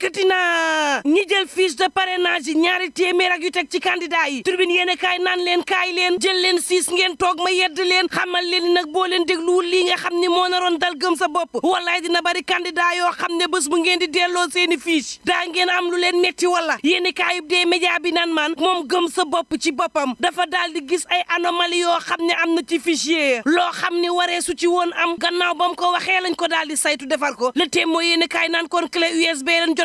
yëkkati na ñi jël fiche de parrainage yi ñaari téeméer ak yu teg ci candidat yi turbine yéen kaay naan leen kaay leen jël leen siis ngeen toog ma yedd leen xamal leen nag boo leen dégluwul lii nga xam ni moo naroon dal gëm sa bopp wallaay dina bari candidat yoo xam ne bés bu ngeen di delloo seeni fiche daa ngeen am lu leen metti wala yéen kaayub dee média bi nan man moom gëm sa bopp ci boppam dafa daal di gis ay anomalie yoo xam ne am na ci fichier loo xam ni waree su ci woon am gannaaw ba mu ko waxee lañ ko daal di saytu defar ko le témoin yéen kaay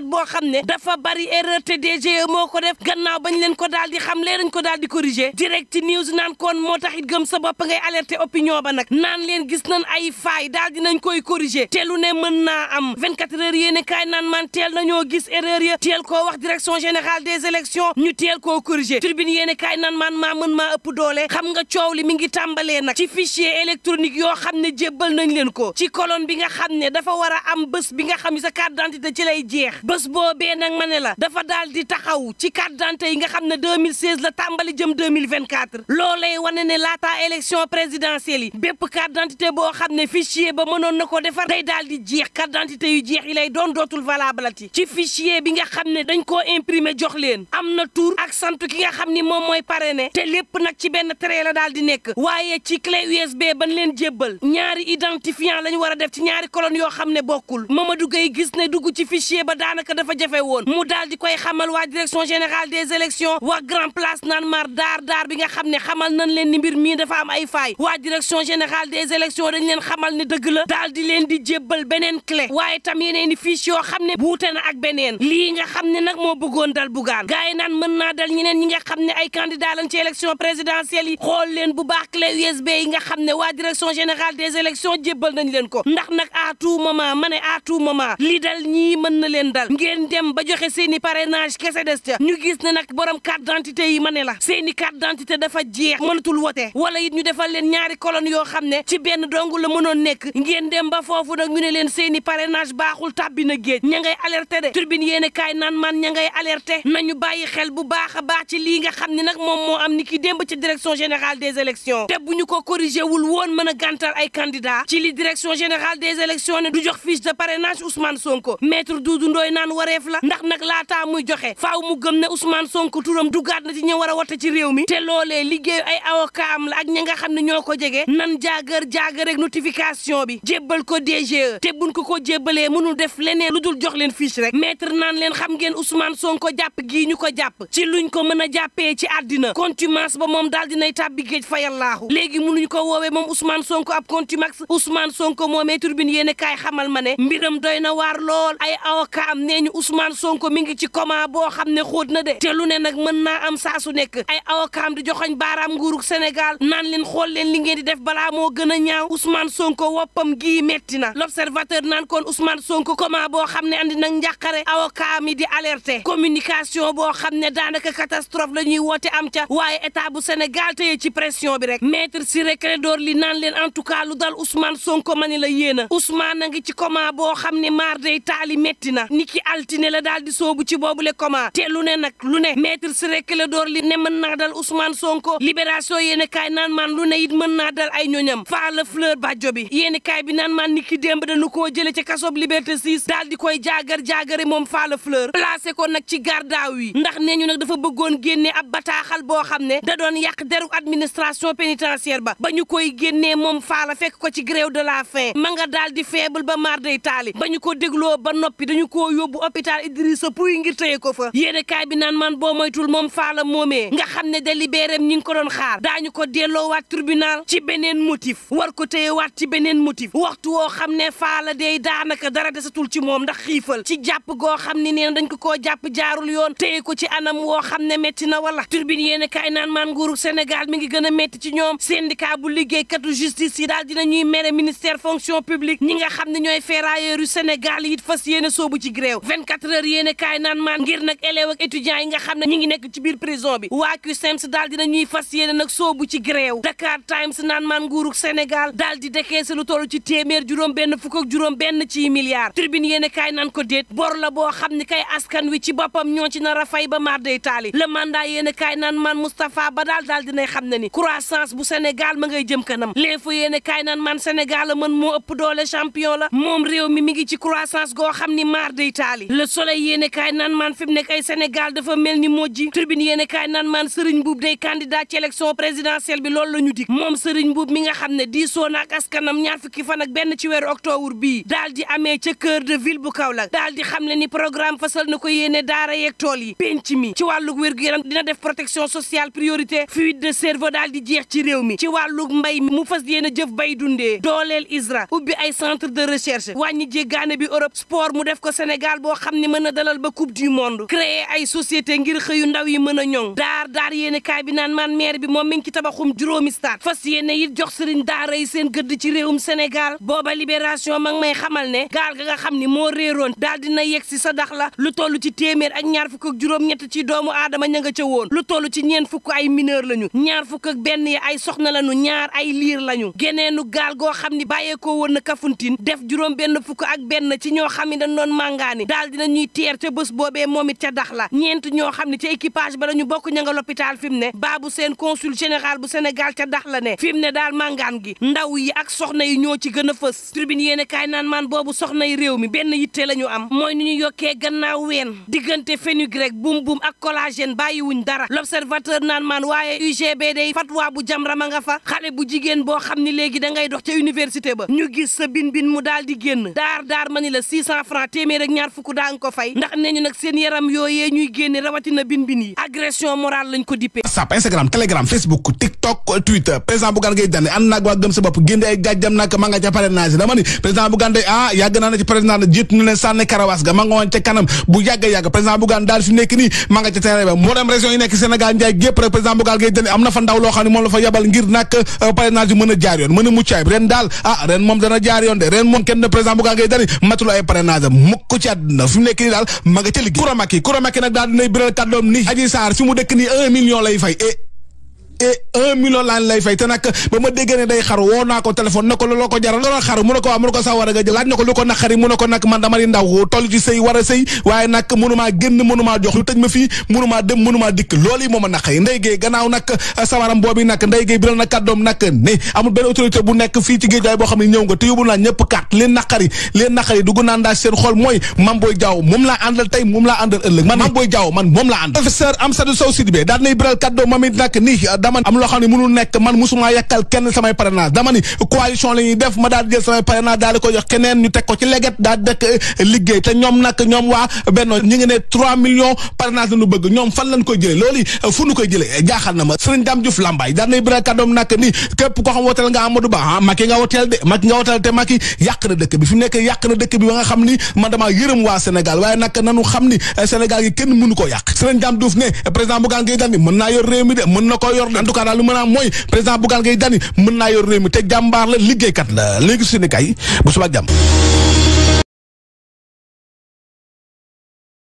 boo xam ne dafa bari erreur te DGE moo ko def gannaaw bañ leen ko daal di xam leen dañ ko daal di corriger direct news naan kon moo tax it gëm sa bopp ngay alerter opinion ba nag naan leen gis nañ ay faay daal di nañ koy corriger te ne mën naa am 24 heures yéen a kaay naan man teel nañoo gis erreur ya teel koo wax direction générale des élections ñu teel koo corriger tribune yéen a kaay naan man maa mën maa ëpp doole xam nga coow li mi ngi tàmbalee nag ci fichier électronique yoo xam ne jébbal nañ leen ko ci colonne bi nga xam ne dafa war a am bés bi nga xam ne sa carte d'identité ci lay jeex bés boobee ma ne la dafa daal di taxaw ci carte d'identité yi nga xam ne 2016 la tàmbali jëm 2024 loolee wane ne laataa élection présidentielle yi bépp carte d'identité boo xam ne fichier ba mënoon na ko defar day daal di jeex carte d'identité yu jeex yi lay doon dootul valable ati ci fichier bi nga xam ne dañ koo imprimer jox leen am na tur ak sant ki nga xam ni moom mooy pare parrainé te lépp nag ci benn trait la daal di nekk waaye ci clé USB ban leen jébbal ñaari identifiant lañ war a def ci ñaari colonne yoo xam ne bokkul Mamadou Gueye gis ne dugg ci fichier ba daanaka dafa jafe woon mu daal di koy xamal waa direction générale des élections waa grand place naan mar daar daar bi nga xam ne xamal nañ leen ni mbir mii dafa am ay faay waa direction générale des élections dañ leen xamal ne dëgg la daal di leen di jébbal beneen clé waaye tam yeneen i fiche xam ne wuute ak beneen lii nga xam ne nag moo bëggoon dal bugaan gars yi naan mën naa dal ñeneen ñi nga xam ne ay candidat lañ ci élection présidentielle yi xool leen bu baax clé USB yi xam ne waa direction générale des élections jébbal nañ leen ko ndax nag ma ne à li Sénégal ngeen dem ba joxe seen i parrainage kese des ca ñu gis ne nag borom carte d'identité yi ma ne la seen i carte d'identité dafa jeex mënatul wote wala it ñu defal leen ñaari colonne yoo xam ne ci benn dong la mënoon nekk ngeen dem ba foofu nag ñu ne leen seeni i parrainage baaxul tàbbi na géej ña ngay alerté de turbine yéen kaay naan man ña ngay alerté nañu bàyyi xel bu baax a baax ci lii nga xam ne nag moom moo am ni ki démb ci direction générale des élections te bu ñu ko corrigé wul woon mën a gàntal ay candidats ci li direction générale des élections ne du jox fiche de parrainage Ousmane Sonko maître Doudou naan wareef la ndax nag laataa muy joxe faaw mu gëm ne Ousmane Sonko turam duggaat na ci ñi war a wote ci réew mi te loolee liggéey ay aw am la ak ñi nga xam ne ñoo ko jege nan jaagar jaagar rek notification bi jébbal ko DGE te buñ ko ko jébbalee mënul def leneen lu dul jox leen fiche rek maître naan leen xam ngeen Ousmane Sonko jàpp gii ñu ko jàpp ci luñ ko mën a jàppee ci àddina contumace ba moom daal dinay tàbbi géej fa yàllaahu léegi mënuñ ko woowee moom Ousmane Sonko ab contumax Ousmane Sonko moomee turbine yéen kaay xamal ma ne mbiram doy na waar lool ay avocat nee ñu Ousmane Sonko mi ngi ci coma boo xam ne xóot na de te lu ne nag mën naa am saa su nekk ay awokaam di joxoñ baaraam nguurug Sénégal naan leen xool leen li ngeen di def balaa moo gën a ñaaw Ousmane Sonko woppam gii metti na l'observateur naan kon Ousmane Sonko coma boo xam ne andi nag njàqare awokaam yi di alerte communication boo xam ne daanaka catastrophe la ñuy woote am ca waaye état bu Sénégal teye ci pression bi rek si Ciré Clédor li naan leen en tout cas lu dal Ousmane Sonko ma ni la yéena Ousmane a ngi ci coma boo xam ne maar day taali ki altine la daal di soobu ci boobule comment te lu ne nag lu ne maître Ciré Clédor li ne mën naa dal Ousmane Sonko libération yéeni kaay naan maan lu ne it mën naa dal ay ñoñam Falla fuleur Badjo bi yéeni kaay bi naan maan ni ki démb dañu koo jële ci kasob liberte 6 daal di koy jaagar jaagare moom Falla fuleur placé ko nag ci gardaaw yi ndax nee ñu nag dafa bëggoon génne ab bataaxal boo xam ne da doon yàq deru administration pénitentiaire ba ba ñu koy génnee moom Falla fekk ko ci grève de la faim ma nga daal di faible ba maar day taali ba ñu ko dégloo ba noppi dañu ko yóbbu hôpital Idrissa Pouye ngir téye ko fa yéene kaay bi naan man boo moytul moom faala moomee nga xam ne délibérém ñi ngi ko doon xaar daañu tribunal ci beneen motif war ko téyewaat ci beneen motif waxtu woo xam ne faala day daanaka dara desatul ci moom ndax xiifal ci jàpp goo xam ne nee na dañ ko koo jàpp jaarul yoon téye ko ci anam woo xam ne metti na wala turbine yéene kaay naan man nguuru Sénégal mi ngi gën a metti ci ñoom syndicat bu liggéeykatu justice yi daal dina ñuy mere ministère fonction publique ñi nga xam ne ñooy teew 24 heures yéen a kaay naan maan ngir nag élèves nga xam ne ñu ngi nekk ci biir bi waa CUSEMS daal dina ñuy fas yéene nag soobu ci gréew Dakar Times naan maan nguuruk Sénégal daal di dekeese lu toll ci téeméer juróom benn fukk ak juróom ci milliards tribune yéen a kaay naan ko déet bor la boo xam ne kay askan wi ci boppam ñoo ci nar a fay ba maar day taali le mandat yéen a kaay naan maan Moustapha ba daal daal dinay xam ne ni croissance bu Sénégal ma ngay jëm kanam l'info yéen a kaay naan maan senegal man moo ëpp doole champion la moom réew mi mi ngi ci croissance goo xam ni maar day taali taali le soleil yéene kaay naan maan fi mu nekk ay dafa mel ni mojji tribune yéene kaay naan maan Serigne Mboup day candidat ci élection présidentielle bi lool la ñu dig moom Serigne Mboup mi nga xam ne diisoo na ak askanam ñaar fukki fan ak benn ci weeru octobre bi daal di amee ca cœur de ville bu Kaolack daal di xam ne ni programme fasal na ko yéene daara yeeg tool yi penc mi ci wàllug wér-gu-yaram dina def protection sociale priorité fuite de cerveau daal di jeex ci réew mi ci wàllug mbay mi mu fas yéene jëf bay dundee dooleel ISRA ubbi ay centre de recherche wàññi jéggaane bi Europe sport mu def ko Sénégal Sénégal boo xam ne mën a dalal ba coupe du monde créer ay société ngir xëyu ndaw yi mën a ñoŋ daar daar yéene kaay bi naan man maire bi moom mi ngi ci tabaxum juróomi stade fas yéene it jox sëriñ daara yi seen gëdd ci réewum senegal booba libération mag may xamal ne gaal ga nga xam ni moo réeroon daal dina yegg si sa dax la lu toll ci téeméer ak ñaar fukk ak juróom-ñett ci doomu aadama ña nga ca woon lu toll ci ñeen fukk ay mineur lañu ñaar fukk ak benn yi ay soxna lañu ñaar ay liir lañu geneenu gaal goo xam ni bàyyeekoo woon na kafuntin def juróom benn fukk ak benn ci ñoo xam ne dañ Diané daal dina ñuy teer ca bés boobee moom it ca dax ñeent ñoo xam ne ca équipage ba la ñu bokk ña nga l'hôpital fi mu ne baabu seen consul général bu Sénégal ca dax la ne fi ne daal màngaan gi ndaw yi ak soxna yi ñoo ci gën a fës tribune yéene kaay naan maan boobu soxna yi réew mi benn yitte la ñu am mooy nu ñu yokkee gannaaw ween diggante fenugrec bum bum ak collagène bàyyiwuñ dara l'observateur naan maan waaye UGB day fatwa bu jamra ma nga fa xale bu jigéen boo xam ni léegi dangay dox ca université ba ñu gis sa bin bin mu daal di génn daar daar ma ni la 600 francs téeméer ak ñaar ñaar daan ko fay ndax nee ñu nag seen yaram yooyee ñuy rawatina bin agression morale lañ ko dippee instagram telegram facebook tiktok twitter président Bougane Gueye Dany ànd waa gëm sa bopp ay gàjjam nag ma nga ca parrainage ah, daal fi nekk nii ma nga ca terrain ba moo dem région rek président Bougane Gueye am na ndaw loo xam ne fa yabal ngir nag euh, parrainage yi mën a jaar yoon mën a muccaay ren ah, na fi mu nekk nii daal ma nga ca liggéey Koura Macky Koura Macky nag daal dinay biral kàddoom ni Adji Sarr fi mu dekk nii un million lay fay et un million laan lay fay te nag ba ma déggee ne day xaru woo naa ko téléphone na ko looloo ko jaral looloo xaru mu ne ko waaw mu ne ko sa war a nga na ko lu ko ko man dama di ndaw toll sëy war a sëy waaye nag mënumaa génn mënumaa jox lu tëj ma fii mënumaa dem mënumaa dikk loolu yi mooma naqari ndey géey gannaaw nag euh, sawaram boobu nag ndey géey bi la nag ne amul benn autorité bu nekk fii ci géej waay boo xam ne ñëw nga te yóbbu naa ñëpp kat leen mam booy jaaw moom laa àndal tey moom laa àndal ëllëg man mam booy jaaw man dama am loo xam ne mënul nekk man musuma la ñuy def ma daal di jël samay parrainage daal di ko jox keneen ñu teg ko ci leget daal dekk euh, liggéey te ñoom nag ñoom waa benno ñu ngi trois millions parrainage la bëgg ñoom fan lañ koy jëlee loolu euh, fu ñu koy jëlee euh, jaaxal na ma sëriñ Dame Diouf Lambaye daan nay biral kàddoom ni képp koo xam woteel nga Amadou Ba ah Macky nga woteel de Macky nga na dëkk bi fi mu nekk yàq na dëkk bi ba nga xam ni man damaa yërëm waa Sénégal waaye nag nanu xam ni Sénégal yi en tout cas daal lu mën a am mooy président Bougane Gueye mën naa yor réew mi te jàmbaar la liggéeykat la léegi su ne kay bu subaa jàmm